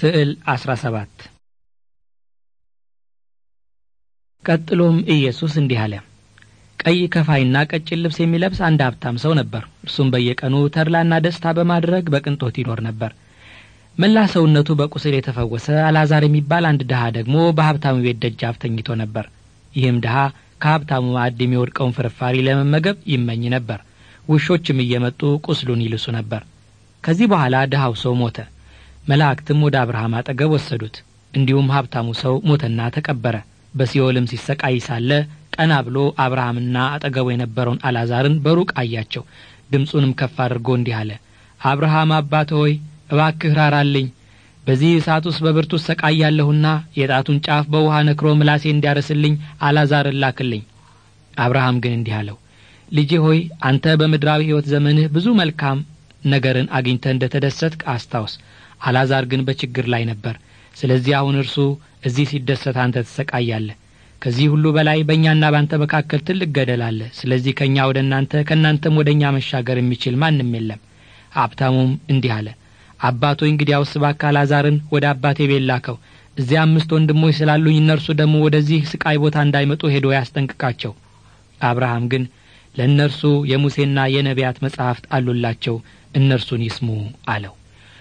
ስዕል 17 ቀጥሎም ኢየሱስ እንዲህ አለ። ቀይ ከፋይና ቀጭን ልብስ የሚለብስ አንድ ሀብታም ሰው ነበር። እርሱም በየቀኑ ተድላና ደስታ በማድረግ በቅንጦት ይኖር ነበር። መላ ሰውነቱ በቁስል የተፈወሰ አልዓዛር የሚባል አንድ ድሃ ደግሞ በሀብታሙ ቤት ደጃፍ ተኝቶ ነበር። ይህም ድሃ ከሀብታሙ ማዕድ የሚወድቀውን ፍርፋሪ ለመመገብ ይመኝ ነበር። ውሾችም እየመጡ ቁስሉን ይልሱ ነበር። ከዚህ በኋላ ድሃው ሰው ሞተ። መላእክትም ወደ አብርሃም አጠገብ ወሰዱት። እንዲሁም ሀብታሙ ሰው ሞተና ተቀበረ። በሲኦልም ሲሰቃይ ሳለ ቀና ብሎ አብርሃምና አጠገቡ የነበረውን አላዛርን በሩቅ አያቸው። ድምፁንም ከፍ አድርጎ እንዲህ አለ፣ አብርሃም አባት ሆይ እባክህ ራራልኝ፣ በዚህ እሳት ውስጥ በብርቱ እሰቃያለሁና የጣቱን ጫፍ በውሃ ነክሮ ምላሴ እንዲያርስልኝ አላዛርን ላክልኝ። አብርሃም ግን እንዲህ አለው፣ ልጄ ሆይ አንተ በምድራዊ ሕይወት ዘመንህ ብዙ መልካም ነገርን አግኝተ እንደ ተደሰትክ አስታውስ። አላዛር ግን በችግር ላይ ነበር። ስለዚህ አሁን እርሱ እዚህ ሲደሰት፣ አንተ ትሰቃያለህ። ከዚህ ሁሉ በላይ በእኛና ባንተ መካከል ትልቅ ገደል አለ። ስለዚህ ከእኛ ወደ እናንተ ከእናንተም ወደ እኛ መሻገር የሚችል ማንም የለም። ሀብታሙም እንዲህ አለ፣ አባቶ እንግዲያውስ እባክህ አላዛርን ወደ አባቴ ቤት ላከው። እዚያ አምስት ወንድሞች ስላሉኝ እነርሱ ደግሞ ወደዚህ ስቃይ ቦታ እንዳይመጡ ሄዶ ያስጠንቅቃቸው። አብርሃም ግን ለእነርሱ የሙሴና የነቢያት መጻሕፍት አሉላቸው እነርሱን ይስሙ አለው